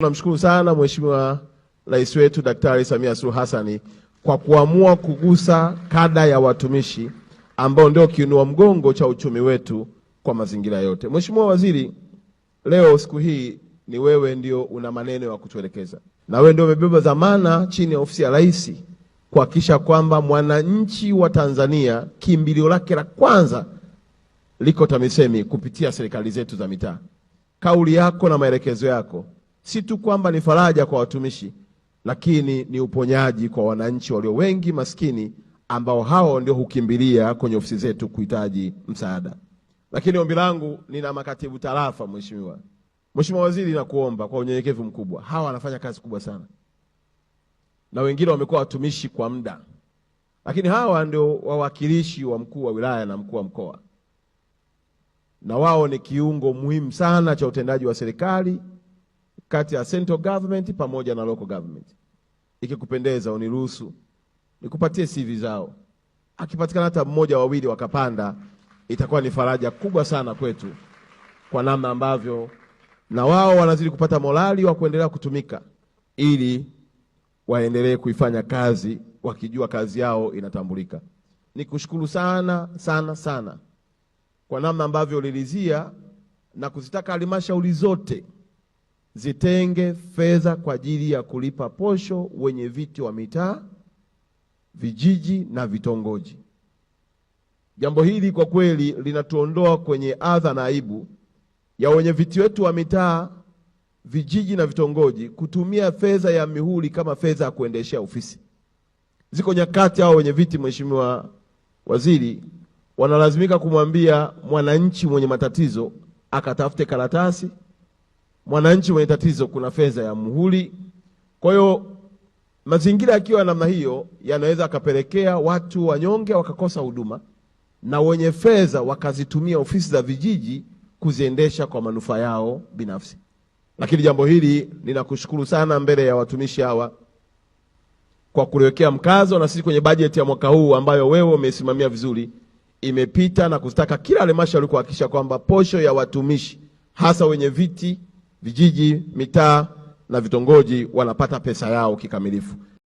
Tunamshukuru sana Mheshimiwa Rais wetu Daktari Samia Suluhu Hassan kwa kuamua kugusa kada ya watumishi ambao ndio kiinua mgongo cha uchumi wetu kwa mazingira yote. Mheshimiwa Waziri, leo siku hii ni wewe ndio una maneno ya kutuelekeza na wewe ndio umebeba dhamana chini ya ofisi ya Rais kuhakikisha kwamba mwananchi wa Tanzania kimbilio lake la kwanza liko TAMISEMI kupitia serikali zetu za mitaa. Kauli yako na maelekezo yako si tu kwamba ni faraja kwa watumishi, lakini ni uponyaji kwa wananchi walio wengi maskini, ambao hao ndio hukimbilia kwenye ofisi zetu kuhitaji msaada. Lakini ombi langu, nina makatibu tarafa. Mheshimiwa, Mheshimiwa Waziri, nakuomba kwa unyenyekevu mkubwa, hawa wanafanya kazi kubwa sana na wengine wamekuwa watumishi kwa muda, lakini hawa ndio wawakilishi wa mkuu wa wilaya na mkuu wa mkoa, na wao ni kiungo muhimu sana cha utendaji wa serikali kati ya central government pamoja na local government. Ikikupendeza uniruhusu nikupatie CV zao, akipatikana hata mmoja wawili wakapanda, itakuwa ni faraja kubwa sana kwetu, kwa namna ambavyo na wao wanazidi kupata morali wa kuendelea kutumika ili waendelee kuifanya kazi wakijua kazi yao inatambulika. Nikushukuru sana sana sana kwa namna ambavyo ulilizia na kuzitaka halmashauri zote zitenge fedha kwa ajili ya kulipa posho wenye viti wa mitaa, vijiji na vitongoji. Jambo hili kwa kweli linatuondoa kwenye adha na aibu ya wenye viti wetu wa mitaa, vijiji na vitongoji kutumia fedha ya mihuri kama fedha ya kuendeshea ofisi. Ziko nyakati hao wenye viti, Mheshimiwa Waziri, wanalazimika kumwambia mwananchi mwenye matatizo akatafute karatasi mwananchi mwenye tatizo kuna fedha ya muhuri. Kwa hiyo mazingira yakiwa namna hiyo yanaweza akapelekea watu wanyonge wakakosa huduma na wenye fedha wakazitumia ofisi za vijiji kuziendesha kwa manufaa yao binafsi. Lakini jambo hili ninakushukuru sana mbele ya watumishi hawa kwa kuliwekea mkazo, na sisi kwenye bajeti ya mwaka huu ambayo wewe umesimamia vizuri imepita na kustaka kila halmashauri kuhakikisha kwamba posho ya watumishi hasa wenye viti vijiji, mitaa na vitongoji wanapata pesa yao kikamilifu.